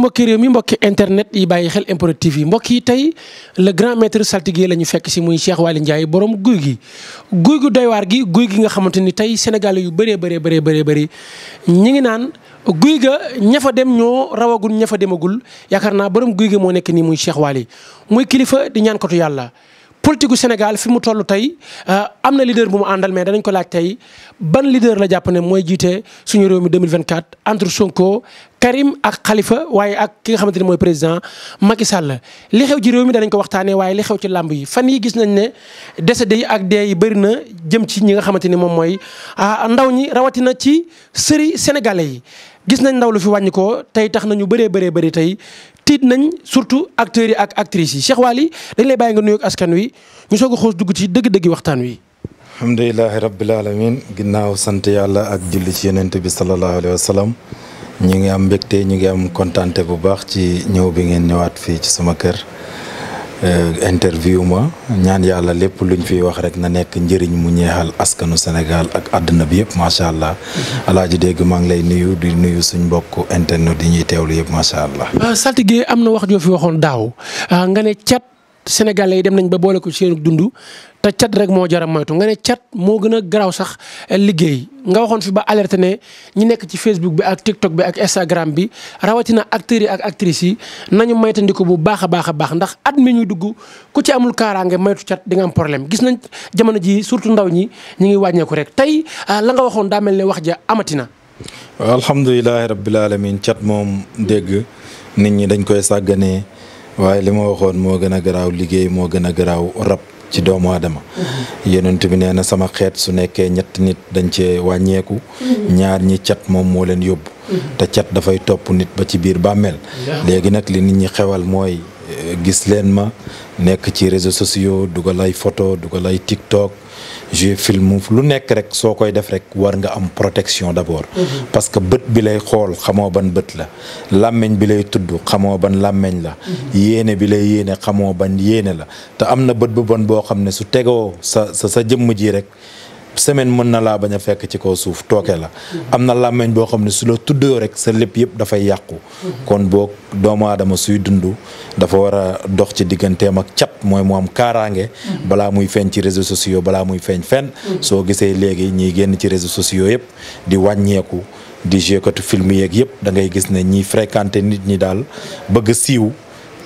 mbokki réew mi mbokki internet yi bàyyi xel MPROD TV yi mbokk yi tey le grand maître saltigué la ñu fekk si muy Cheikh Waly Ndiaye borom guy gi guy gu doy gi guy gi nga xamante ni tey sénégalais yu bëree bëree bëree bëree bëri ñi ngi naan guy ga ñafa dem ñoo rawagul ñafa demagul yaakaar naa borom guy ga moo nekk nii muy Cheikh Waly muy kilifa di ñaan kotu yàlla politique Sénégal fi mu toll tey euh, am na leader bu mu àndal mais danañ ko laaj tey ban leader la jàpp ne mooy jiite suñu réew mi 2024 entre Sonko Karim ak Khalifa waaye ak ki nga xamante ne mooy président Macky Sall li xew ci réew mi danañ ko waxtaanee waaye li xew ci làmb yi fan yi gis nañ ne décédé yi ak dee yi bëri na jëm ci ñi nga xamante ni moom mooy ah, ndaw ñi rawatina ci sëri sénégalais yi. gis nañ ndaw lu fi wàññi ko tey tax na ñu bëree bëree bëri tey tiit nañ surtout acteurs yi ak actrices yi Cheikh Waly dañ lay bàyyi nga nuyoog askan wi ñu soog a xoos dugg ci dëgg-dëggi waxtaan wi. alhamdulilahi rabbil alamin ginnaaw sant yàlla ak julli ci yonent bi sallallahu alayhi wa ñu ngi am mbégte ñu ngi am kontaante bu baax ci ñëw bi ngeen ñëwaat fii ci sama kër. Euh, interview ma ñaan yàlla lépp lu ñu fiy wax rek na nekk njëriñ mu ñeexal askanu Sénégal ak àdduna bi yëpp macha allah. Mhm. alaaji dégg maa ngi lay nuyu di nuyu suñ mbokk internet di ñuy teewlu yëpp macha allah. Ah, saltige am na wax joo fi waxoon daaw ah, nga ne cat sénégalais yi dem nañ ba boole ko seen dund te cat rek moo jar a moytu nga ne cat moo gën a garaaw sax liggéey nga waxoon fi ba alerte ne ñi nekk ci Facebook bi ak TikTok bi ak Instagram bi rawatina acteur yi ak actrices yi nañu moytandiku bu baax a baax a baax ndax at mi ñuy dugg ku ci amul kaaraange moytu cat di nga am problème gis nañ jamono ji surtout ndaw ñi ñu ngi wàññeeku rek tey ah, la nga waxoon daa mel ne wax ja amatina. alhamdulilah rabbil alamin cat moom dégg nit ñi dañ koy sàgganee. waaye li ma waxoon moo gën a garaaw liggéey moo gën a garaaw rab ci doomu aadama mm-hmm. yonent bi nee na sama xeet su nekkee ñett nit dañ cee wàññeeku mm-hmm. ñaar ñi cat moom moo leen yóbbu mm-hmm. te cat dafay topp nit ba ci biir bàmmeel léegi nag li nit ñi xewal mooy gis leen ma nekk ci réseau sociaux dugal ay photo dugal ay TikTok je film lu nekk rek soo koy def rek war nga am protection d'abord mhm. parce que bët bi lay xool xamoo ban bët la làmmiñ bi lay tudd xamoo ban làmmiñ la mhm. yéene bi lay yéene xamoo ban yéene la te am na bët bu bon boo xam ne su tegoo sa sa sa jëmm ji rek semaine mën na laa bañ a fekk ci kaw suuf tooke la am na làmmeñ boo xam ne su la tuddoo rek sa lépp yëpp dafay yàqu kon boo doomu aadama suy dundu dafa war a dox ci digganteem ak cap mooy mu am kaaraange balaa muy feeñ ci réseau sociaux balaa muy feeñ fenn soo gisee léegi ñiy génn ci réseaux sociaux yëpp di wàññeeku di jeekatu film yeeg yëpp da ngay gis ne ñiy fréquenté nit ñi daal bëgg siiw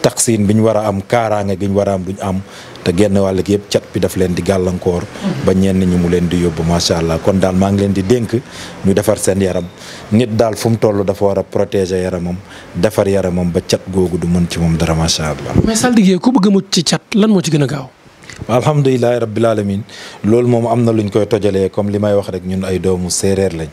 taxin bi ñu war a am kaaraange gi ñu war a am duñ am te genn wàll gi yëpp cat bi daf leen di gàllankoor ba ñenn ñu mu leen di yóbbu macha allah kon daal maa ngi leen di dénk ñu defar seen yaram nit daal fu mu toll dafa war a protéger yaramam defar yaramam ba cat googu du mën ci moom dara macha allah. mais saltige ku bëgg mucc ci cat lan moo ci gën a gaaw. alhamdulilahi rabbil alamin loolu moom am na luñ koy tojalee comme li may wax rek ñun ay doomu séeréer lañ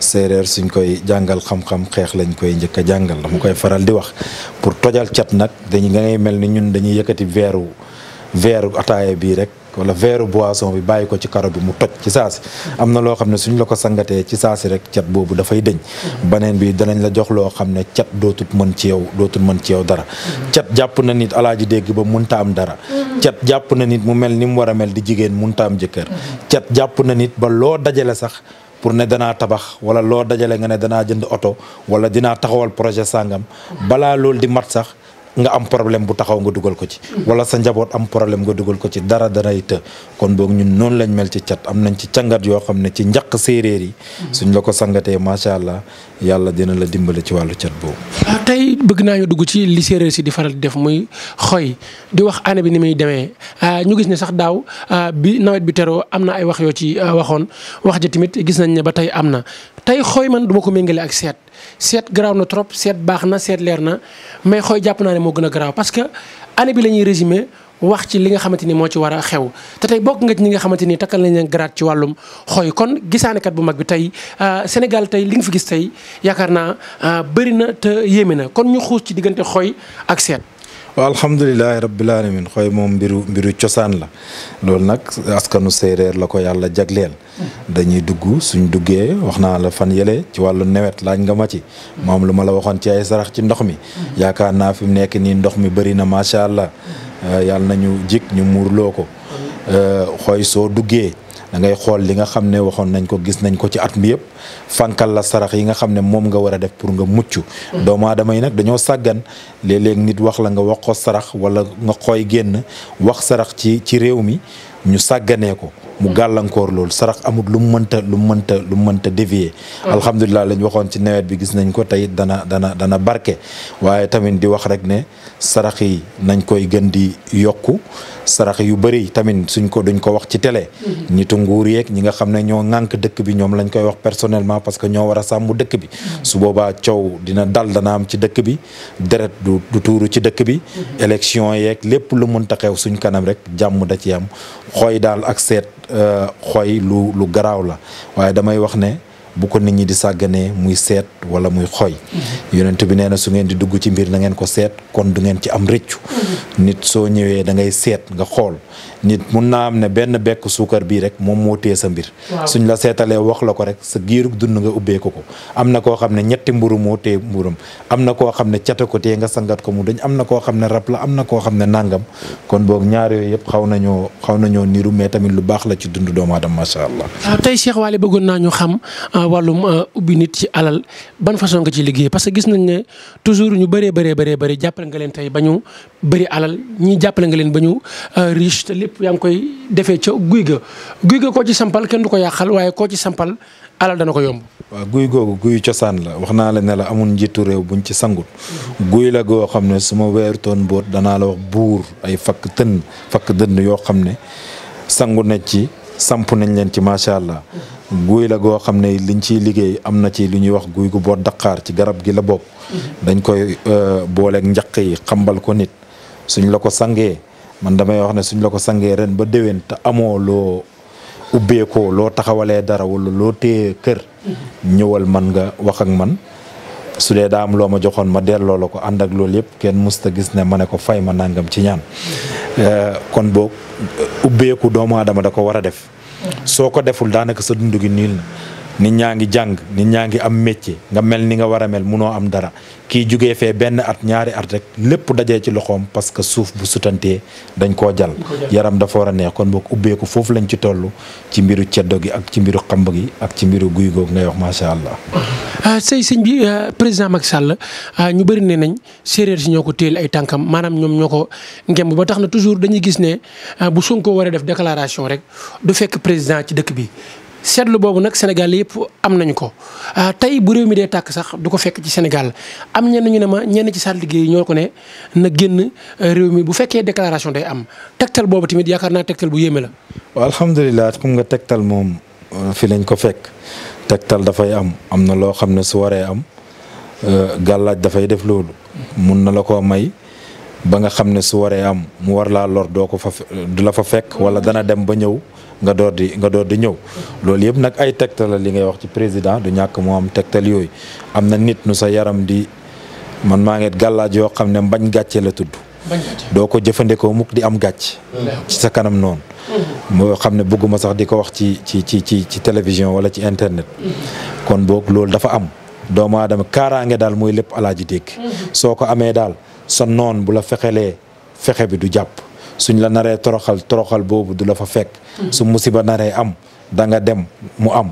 séeréer suñ koy jàngal xam-xam xeex lañ koy njëkk a jàngal dama koy faral di wax pour tojal cat nag dañu ngay mel ni ñun dañuy yëkkati veeru verre ataaya bii rek wala veru boisson bi bàyyi ko ci karo bi mu toj ci saasi am na loo xam ne suñ la ko sangatee ci saasi rek cat boobu dafay dëñ baneen bi danañ la jox loo xam ne cat dootut mën ci yow dootut mën ci yow dara cat jàpp na nit alaaji dégg ba munta am dara cat jàpp na nit mu mel ni mu war a mel di jigéen munta am jëkkër cat jàpp na nit ba loo dajale sax pour ne danaa tabax wala loo dajalee nga ne danaa jënd oto wala dinaa taxawal projet sàngam balaa loolu di mat sax nga am problème bu taxaw nga dugal ko ci wala sa njaboot am problème nga dugal ko ci dara daray të kon boog ñun noonu lañ mel ci cat am nañ ci cangat yoo xam ne ci njaq séeréer yi suñ la ko sangatee macha allah yàlla dina la dimbale ci wàllu cat boobu ah, tey bëgg naa ñu dugg ci li séeréer si di faral di def muy xoy di wax année bi ni muy demee ah, ñu gis ne sax daaw ah, bi nawet bi teroo am na ay wax yoo ci waxoon wax ja tamit gis nañ ne ba tey am na tey xooy man duma ko méngale ak seet seet garaaw na trop seet baax na seet leer na mais xooy jàpp naa ne moo gën a garaaw parce que année bi lañuy ñuy résumé wax ci li nga xamante ni moo ci war a xew te tey bokk nga ci ñi nga xamante ni takkal nañ leen garaat ci wàllum xooy kon gisaanekat bu mag bi tey euh, Sénégal tey li nga fi gis tey yaakaar naa euh, bëri na te yéeme na kon ñu xuus ci diggante xooy ak seet. waaw alhamdulilahi rabbil alamin xooy moom mbiru mbiru cosaan la loolu nag askanu séeréer la ko yàlla jagleel dañuy dugg suñ duggee wax naa la fan yële ci wàllu nawet laañ nga ma ci moom lu ma la waxoon ci ay sarax ci ndox mi yaakaar naa fi mu nekk nii ndox mi bëri na macha allah yàlla nañu jik ñu loo ko euh, xooy soo duggee da ngay xool li nga xam ne waxoon nañ ko gis nañ ko ci at mi yëpp fànkal la sarax yi nga xam ne moom nga war a def pour nga mucc mm. doomu aadama yi nag dañoo sàggan léeg-léeg nit wax la nga wax ko sarax wala nga xooy génn wax sarax ci ci réew mi ñu sàgganee ko mu gàllankoor loolu sarax amul lu mu mënta lu mu lu mu mënta dévier mm. alhamdulilah lañ waxoon ci nawet bi gis nañ ko tey dana dana dana barke waaye tamit di wax rek ne sarax yi nañ koy gën di yokku sarax yu bëri tamit suñ ko duñ ko wax ci télé ñitu mm-hmm. nguur yeeg ñi nga xam ne ñoo ŋànk dëkk bi ñoom lañ koy wax personnellement parce que ñoo war a sàmm dëkk bi mm-hmm. su boobaa coow dina dal dana am ci dëkk bi deret du du tuuru ci dëkk bi mm-hmm. élection yeeg lépp lu mënta xew suñ kanam rek jàmm da ci am xooy daal ak seet Euh, xooy lu lu garaaw la waaye damay wax ne bu ko nit ñi di sàgganee muy seet wala muy xooy yonent bi nee na su ngeen di dugg ci mbir na ngeen ko seet kon du ngeen ci am rëccu nit soo ñëwee da ngay seet nga xool nit mun naa am ne benn bekk suukar bii rek moom moo téye sa mbir suñ la seetalee wax la ko rek sa giirug dund nga ubbeeku ko am na koo xam ne ñetti mburu moo téye mburum am na koo xam ne cata ko téye nga sangat ko mu dañ am na koo xam ne rab la am na koo xam ne nàngam kon boog ñaar yooyu yëpp xaw nañoo xaw nañoo niru mais tamit lu baax la ci dund doomu macha allah ah, wàllum euh, ubbi nit ci alal ban façon nga ci liggéey parce que gis nañ ne toujours ñu bëree bëree bëree jàppale nga leen tey ba ñu bëri alal ñii jàppale nga leen ba ñu euh, riche te lépp yaa nga koy defee ca guy ga guy ga koo ci sampal kenn du ko yàqal waaye koo ci sampal alal dana ko yomb. waaw guy googu guy cosaan la wax naa la ne la amul njiitu réew buñ ci sangut guy la goo xam ne su ma weertoon boot danaa la wax buur ay fakk tën fakk dënn yoo xam ne sangu na ci. samp nañ leen ci macha allah guy la goo xam ne liñ ciy liggéey am na ci lu ñuy wax guy gu boot daqaar ci garab gi la bokk. dañ koy euh, booleeg njaq yi xambal ko nit suñ la ko sangee man damay wax ne suñ la ko sangee ren ba déwén te amoo loo ubbeekoo loo taxawalee dara wala loo téye kër mm-hmm. ñëwal man nga wax ak man. su dee daa am loo ma joxoon ma delloo la ko ànd ak loolu yëpp kenn musta gis ne ma ne ko fay ma nangam ci ñaan eh, kon boog ubbeeku doomu aadama da ko war a def soo ko deful daanaka sa dund gi niil na nit ñaa ngi jàng nit ñaa ngi am métier nga mel ni nga war a mel munoo am dara kii jóge fee benn at ñaari at rek lépp dajee ci loxoom parce que suuf bu sutantee dañ koo jal yaram dafa war a neex kon boog ubbeeku foofu lañ ci tollu ci mbiru ceddo gi ak ci mbiru xamb gi ak ci mbiru guy googu nga yox macha allah. Ah, sëy sëñ bi ah, président Macky Sall ah, ñu bëri ne nañ séeréer si ñoo ko téel ay tànkam maanaam ñoom ñoo ko ngemb ba tax na toujours dañuy gis ne bu Sonko waree def déclaration rek du fekk président ci dëkk bi. seetlu boobu nag Sénégal yëpp am nañu ko ah, tey bu réew mi dee tàkk sax du ko fekk ci Sénégal am ñenn ñu ne ma ñenn ci salle liggéey ñoo ko ne na génn euh, réew mi bu fekkee déclaration day am tegtal boobu tamit yaakaar naa tegtal bu yéeme la. waaw alhamdulilah kum nga tegtal moom euh, fi lañ ko fekk tegtal dafay am am na loo xam ne su waree am euh, gàllaaj dafay def loolu mun na la ko may. ba nga xam ne su waree am mu war laa lor doo ko fa du la fa fekk wala dana dem ba ñëw nga door di nga door di ñëw loolu yëpp nag ay tegtal la li ngay wax ci président du ñàkk moo am tegtal yooyu am na nit nu sa yaram di man maa ngi gàllaaj yoo xam ne mbañ gàccee la tudd doo ko jëfandikoo mukk di am gàcc ci sa kanam noonu mm-hmm. moo xam ne bëgguma sax di ko wax ci ci ci ci ci télévision wala ci internet mm-hmm. kon boog loolu dafa am doomu aadama kaaraange daal mooy lépp alaaji dégg mm-hmm. soo ko amee daal sa noon bu la fexelee fexe bi du jàpp suñ la naree toroxal toroxal boobu du la fa fekk mm-hmm. su musiba naree am da nga dem mu am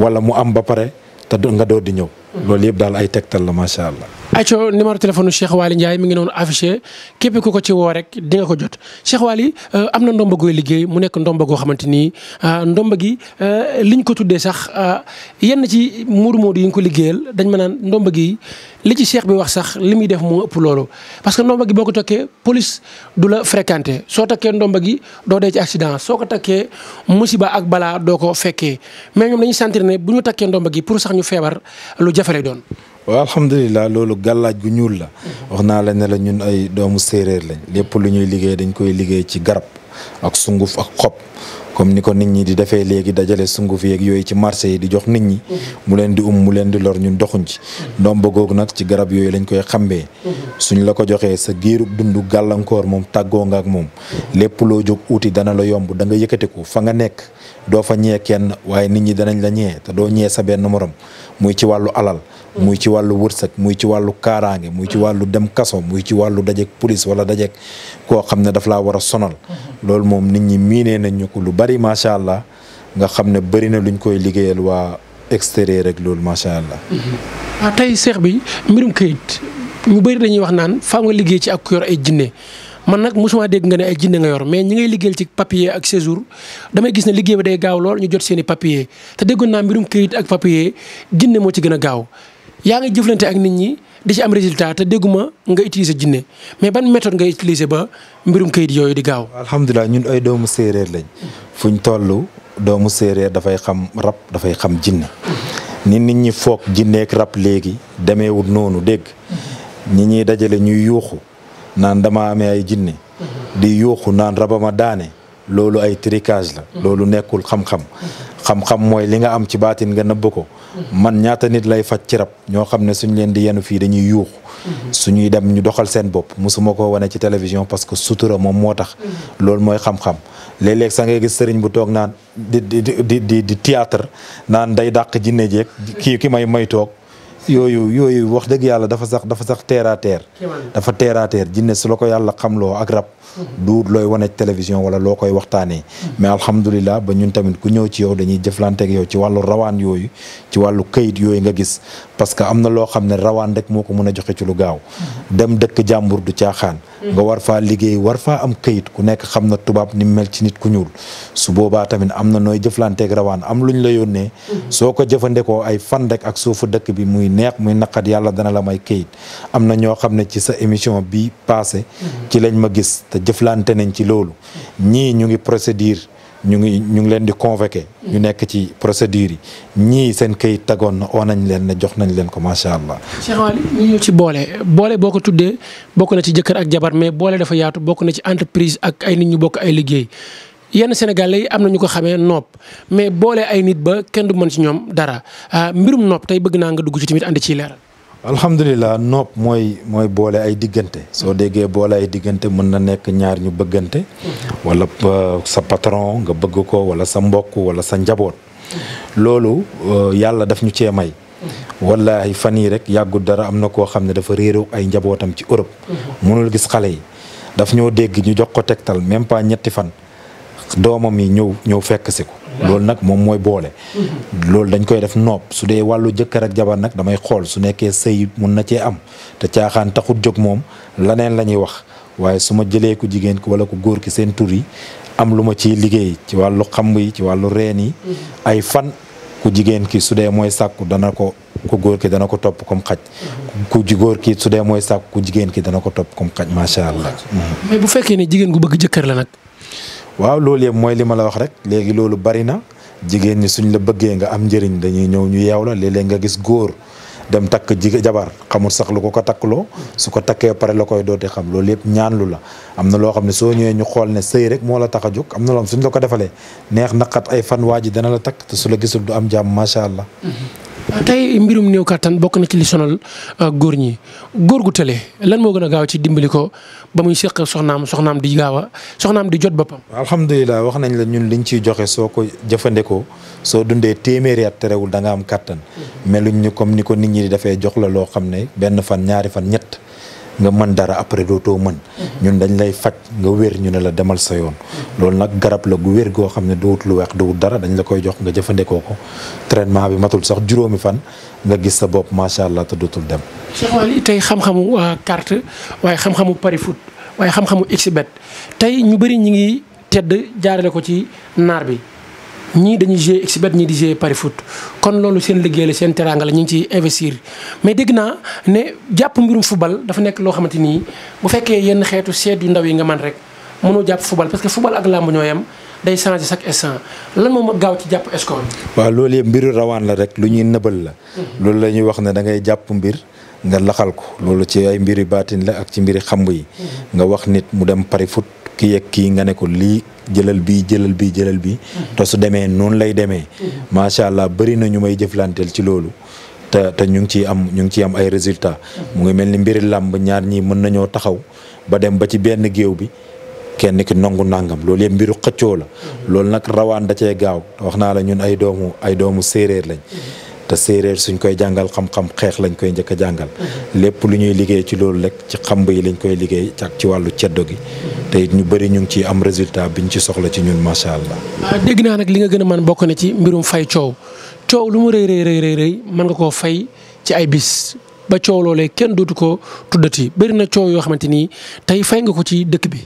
wala mu am ba pare te nga door di ñëw mm-hmm. loolu yëpp daal ay tegtal la macha allah. ayco numéro téléphone Cheikh Waly Ndiaye mi ngi noonu affiché képp ku ko ci woo rek di nga ko jot Cheikh Waly euh, am na ndomba gooy liggéey mu nekk ndomba goo xamante ni euh, ndomba gi euh, liñ ko tuddee sax yenn ci muur-muur yi nga ko liggéeyal dañ ma naan ndomba gi li ci cheikh bi wax sax li muy def moo ëpp loolu parce que ndomba gi boo ko takkee polis du la fréquenté soo takkee ndomba gi doo dee ci accident soo ko takkee musiba ak balaa doo ko fekkee mais ñoom dañuy sentir ne bu ñu takkee ndomba gi pour sax ñu feebar lu jafe lay doon. waaw alhamdulilah loolu gàllaaj gu ñuul la. wax naa la ne la ñun ay doomu séeréer lañ lépp lu ñuy liggéey dañ koy liggéey ci garab. ak sunguf ak xob comme ni ko nit ñi di defee léegi dajale sunguf yeeg yooyu ci marché yi di jox nit ñi mu leen di um mu leen di lor ñun doxuñ ci ba googu nag ci garab yooyu lañ koy xambee suñ la ko joxee sa giirub dundu gàllankoor moom tàggoo nga ak moom lépp loo jóg uuti dana la yomb da nga yëkkatiku fa nga nekk doo fa ñee kenn waaye nit ñi danañ la ñee te doo ñee sa benn morom muy ci wàllu alal muy ci wàllu wërsëg muy ci wàllu kaaraange muy ci wàllu dem kaso muy ci wàllu dajeek police wala dajeek koo xam ne daf laa war a sonal mm-hmm. loolu moom nit ñi miinee nañ ñu ko lu bari macha allah nga xam ne bari na luñ koy liggéeyal waa extérieur rek loolu macha allah. Mm-hmm. ah tey seex bi mbirum këyit ñu bari dañuy wax naan faa nga liggéey ci ak ku yor ay jinne man nag mosuma dégg nga ne ay jinne nga yor mais ñu ngay liggéeyal ci papier ak séjour damay gis ne liggéey bi gaaw lool ñu jot seen i papier te déggoon naa mbirum këyit ak papier jinne moo ci gën a gaaw yaa ngi jëflante ak nit ñi di ci am résultat te dégguma nga utiliser jinne mais ban méthode nga utiliser ba mbirum kayit yooyu di gaaw. alhamdulilah ñun ay doomu séeréer lañ fu ñu toll doomu séeréer dafay xam rab dafay xam jinne ni nit ñi foog jinneek rab léegi demeewul noonu dégg ñi ñuy dajale ñuy yuuxu naan dama amee ay jinne di yuuxu naan rabama daane loolu ay tricage la. loolu nekkul xam-xam. xam-xam mooy li nga am ci baatin nga nëbb ko. man ñaata nit lay faj ci ñoo xam ne suñ leen di yenu fii dañuy yuux mhm. suñuy dem ñu doxal seen bopp mosuma ko wane ci télévision parce que sutura moom moo tax mhm. loolu mooy xam-xam léeg-léeg sa gis sëriñ bu toog naan di di di di théâtre naan day dàq jinne jeeg kii ki may may toog yooyu yooyu wax dëgg yàlla dafa sax dafa sax terre à dafa terre à terre su la ko yàlla xam loo ak rab mm-hmm. du looy wane télévision wala loo koy waxtaanee mm-hmm. mais alhamdulilah ba ñun tamit ku ñëw ci yow dañuy jëflanteeg yow ci wàllu rawaan yooyu ci wàllu kayit yooyu nga gis parce que am na loo xam ne rawaan rek moo ko mën a joxe ci lu gaaw mm-hmm. dem dëkk jàmbur du caaxaan nga war faa liggéey war faa am kayit ku nekk xam na tubaab ni mel ci nit ku ñuul su boobaa tamit am na nooy jëflanteeg rawaan am lu ñu la yónnee mm-hmm. soo ko jëfandikoo ay fan rek ak suufu dëkk bi muy neex muy naqat yàlla dana la may kayit am na ñoo xam ne ci sa émission bi passé mm-hmm. ci lañ ma gis te jëflante nañ ci loolu mm-hmm. ñii ñu ngi procédure ñu ngi ñu ngi leen di convoqué ñu nekk ci procédure yi ñii seen këyit tagoon na oo nañ leen na jox nañ leen ko macha allah. Cheikh Waly ci boole boole boo ko tuddee bokk na ci jëkkër ak jabar mais boole dafa yaatu bokk na ci entreprise ak ay nit ñu bokk ay liggéey yenn sénégal yi am na ñu ko xamee nopp mais boole ay nit ba kenn du mën ci ñoom dara ah, mbirum nopp tey bëgg naa nga dugg ci tamit andi ciy leer alhamdulilah nopp mooy mooy boole ay diggante soo déggee boole ay diggante mën na nekk ñaar ñu bëggante wala sa patron nga bëgg ko wala sa mbokk wala sa njaboot loolu euh, yàlla daf ñu cee may walla ay fan yii rek yàggut dara am na koo xam ne dafa réeru ay njabootam ci Europe mënul gis xale yi daf ñoo dégg ñu jox ko tegtal même pas ñetti fan doomam yi ñëw ñëw fekk si ko loolu nag moom mooy boole loolu dañ koy def noob su dee wàllu jëkkër ak jabar nag damay xool su nekkee sëy mun na cee am te caaxaan taxut jóg moom laneen la ñuy wax waaye su ma jëlee ku jigéen ki wala ku góor ki seen tur yi am lu ma ciy liggéey ci wàllu xamb yi ci wàllu reen yi mm-hmm. ay fan ku jigéen ki su dee mooy sàkku dana ko ku góor ki dana ko topp comme xaj mm-hmm. ku góor ki su dee mooy sàkku ku jigéen ki dana ko topp comme xaj macha allah mais bu fekkee ne jigéen gu bëgg jëkkër la nag waaw loolu yëpp mooy li ma la wax rek léegi loolu bari na jigéen ñi suñ la bëggee nga am njëriñ dañuy ñëw ñu yeew la léeg nga gis góor dem takk jigéen jabar xamul sax lu ko ko takkloo su ko takkee pare la koy doote xam loolu yëpp ñaanlu la am na loo xam ne soo ñëwee ñu xool ne sëy rek moo la tax a jóg am na loo xam suñ la ko defalee neex naqat ay fan waa dana la takk te su la gisul du am jàmm macha allah. Mm-hmm. tey mbirum néew kàttan bokk na ci li euh, góor ñi góor gu tële lan moo gën a gaaw ci dimbali ko ba muy seq soxnaam soxnaam di gaaw a soxnaam di jot boppam. alhamdulilah wax nañ la ñun liñ ciy joxe soo ko jëfandikoo soo dundee téeméeri at terewul da nga am kàttan meluñ mm-hmm. ni comme ni ko nit ñi di dafay jox la loo xam ne benn fan ñaari fan ñett. nga mën dara après dootoo mën ñun dañ lay faj nga wér ñu ne la demal sa yoon loolu nag garab la gu wér goo xam ne duwut lu weex duwut dara dañ la koy jox nga jëfandikoo ko traitement bi matul sax juróomi fan nga gis sa bopp macha allah te dootul dem tey xam-xamu euh, carte waaye xam-xamu pari foot waaye xam-xamu xbet tey ñu bëri ñu ngi tedd jaarale ko ci naar bi ñii dañuy jouer xbet ñii di jouer pari foot kon loolu seen liggéey la seen teraanga la ñu ngi ciy investir mais dégg naa ne jàpp mbirum football dafa nekk loo xamante nii bu fekkee yenn xeetu seet yu ndaw yi nga man rek mënoo jàpp football parce que football ak làmb ñoo day changer chaque instant lan moom gaaw ci jàpp escort. waa loolu yëpp mbiru rawaan la rek lu ñuy nëbal la. Mhm. loolu la ñuy wax ne da ngay jàpp mbir. nga laxal ko loolu ci ay mbiri baatin la ak ci mbiri xamb yi. Mhm. nga wax nit mu dem pari foot. ki yegg kii nga ne ko lii jëlal bii jëlal bii jëlal bi mm-hmm. te su demee noonu lay demee mm-hmm. macha allah bëri na ñu may jëflanteel ci loolu te te ñu ngi ciy am ñu ngi ciy am ay résultats mm-hmm. mu ngi mel ni mbiri làmb ñaar ñii mën nañoo taxaw ba dem ba ci benn géew bi kenn ki nangu nangam loolu yëpp mbiru xëccoo la loolu nag rawaan da cee gaaw wax naa la ñun ay doomu ay doomu séeréer lañ te séeréer suñ koy jàngal xam-xam xeex lañ koy njëkk a jàngal lépp lu ñuy liggéey ci loolu rek ci xamb yi lañ koy liggéey ak ci wàllu ceddo gi te ñu bëri ñu ngi ciy am résultat bi ñu ci soxla ci ñun macha allah. Ah, dégg naa nag li nga gën a mën bokk na ci mbirum fay coow coow lu mu rëy rëy rëy rëy mën nga koo fay ci ay bis ba coow loolee kenn dootu ko tuddati bëri na coow yoo xamante ni tey fay nga ko ci dëkk bi.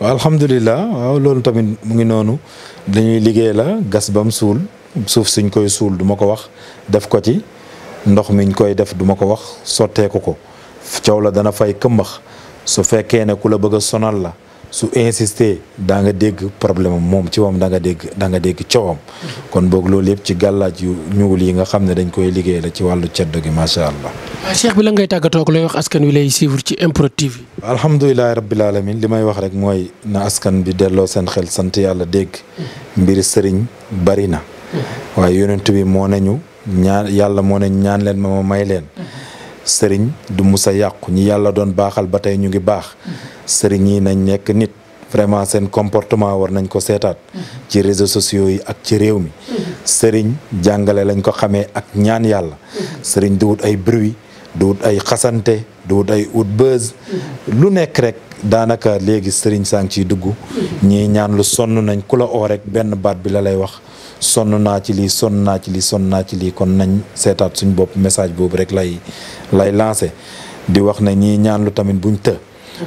waaw alhamdulilah waaw loolu tamit mu ngi noonu dañuy liggéey la gas bam suul. suuf siñ koy suul duma ko wax def ko ci ndox miñ koy def duma ko wax sotteeku ko coow la dana fay këmbax su fekkee ne ku la bëgg a sonal la su insister daa nga dégg problème am moom ci moom da nga dégg da nga dégg coowam kon boog loolu yëpp ci gàllaaj yu ñuul yi nga xam ne dañ koy liggéey la ci wàllu ceddo gi macha allah. Ah, cheikh bi la ngay tàggatoo ak lay wax askan wi lay suivre ci MPROD TV. alhamdulilah rabbil alamin li may wax rek mooy na askan bi delloo seen xel sant yàlla dégg mbiri sëriñ bari na. waaye yonent bi moo nañu ñaan yàlla moo nañ ñaan leen ma may leen sëriñ du musa yàqu ñi yàlla doon baaxal ba tey ñu ngi baax sëriñ yi nañ nekk nit vraiment seen comportement war nañ ko seetaat mm-hmm. ci réseaux sociaux yi ak ci réew mi mm-hmm. sëriñ jàngale lañ ko xamee ak ñaan yàlla mm-hmm. sëriñ du wut ay bruit du wut ay xasante du wut ay ut buzz lu nekk rek daanaka léegi sëriñ saa ciy dugg ñii ñaan lu sonn nañ ku la oo benn baat bi la lay wax sonn naa ci lii sonn naa ci lii sonn naa ci lii kon nañ seetaat suñ bopp message boobu rek lay lay lancé di wax ne ñii ñaanlu tamit buñ të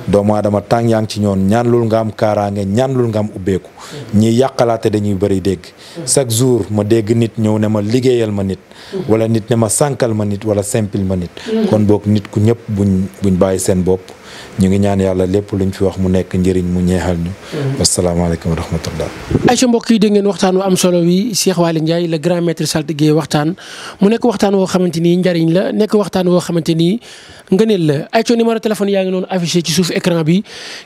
doomu aadama tàng yaa ngi ci ñoon ñaanlul ngaam am kaaraange ñaanlul nga am ubbeeku ñii yàqalaate dañuy bëri dégg chaque jour ma dégg nit ñëw ne ma liggéeyal ma nit wala nit ne ma sànkal ma nit wala simple ma nit mm. kon boog nit ku ñëpp buñ buñ bàyyi seen bopp ñu ngi ñaan yàlla lépp lu ñu fi wax mu nekk njëriñ mu ñeexal ñu. wasalaamaaleykum wa rahmatullah. ayca mbokk yi dégg ngeen waxtaan wu am solo wi Cheikh Waly Ndiaye le grand maître saltige waxtaan mu nekk waxtaan woo xamante ni njëriñ la nekk waxtaan woo xamante ni ngëneel la ayca numéro téléphone yaa ngi noonu affiché ci suuf écran bi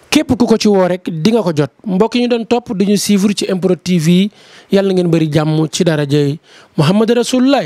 képp ku ko ci woo rek di nga ko jot mbokk ñu doon topp dañu ñu ci improtive TV yàlla ngeen bëri jàmm ci daraja Muhammad Rasulullah